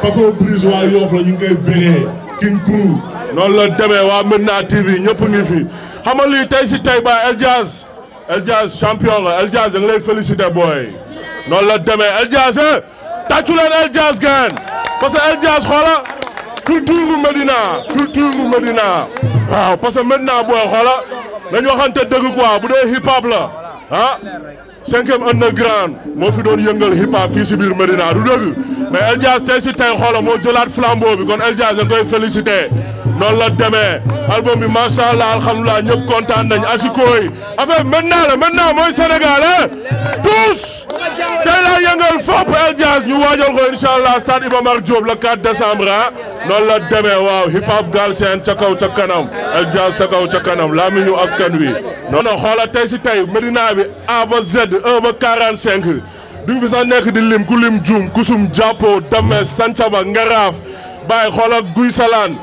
Papa Brise waa Yoff la ñu ngi koy bégee la demee waa Medina TV ñëpp ngi fi xam nga lii tey si tey ba El Diaz El Diaz champion la El Diaz da nga lay félicité booy noonu la demee El Diaz eh tàccu leen El Diaz gaan parce que El Diaz xoola culture bu Medina culture bu Medina waaw parce que Medina booy xoola bu dee hip hop cinquième underground moo fi doon yëngal hip hop fii si biir Medina du dëgg mais El tey si tey xoolal moo jëlaat flambeau bi kon El Diaz dañ koy félicité noonu la demee album bi macha allah alhamdulilah ñëpp kontaan nañ asikooy affaire maintenant la maintenant mooy Sénégal Oustaz ñu waajal ko incha allah stade Iba Mar Diop le 4 décembre ah la demee waaw hip hop Galsen ca kaw ca kanam el jazz ca kaw ca kanam laa mi askan wi. non non xoolal tey si tey Medina bi A ba Z 1 e ba 45 duñ fi sax nekk di lim ku lim juum kusum jàppoo Dame Sancaba Ngaraaf Baye xoolal Guy Salaan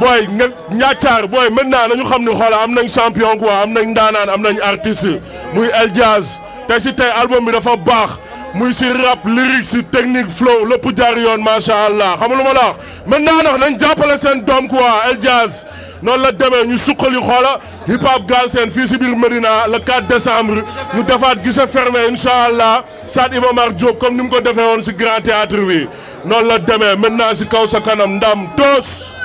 booy nga ñaacaar booy maintenant nañu xam ni xoolal am nañ champion quoi am nañ ndaanaan am nañ artiste muy el jazz tey si tey album bi dafa baax. muy si rap lyrics si technique flow lépp jaar yoon macha allah xam lu ma la wax maintenant nag nañ jàppale seen doom quoi El Jazz noonu la demee ñu suqali xoola hip hop Galsen fii si biir Medina le 4 décembre ñu defaat gisa fermé incha allah stade Iba Mar Diop comme ni mu ko defee woon si grand théâtre bi noonu la demee maintenant si kaw sa kanam ndam toos.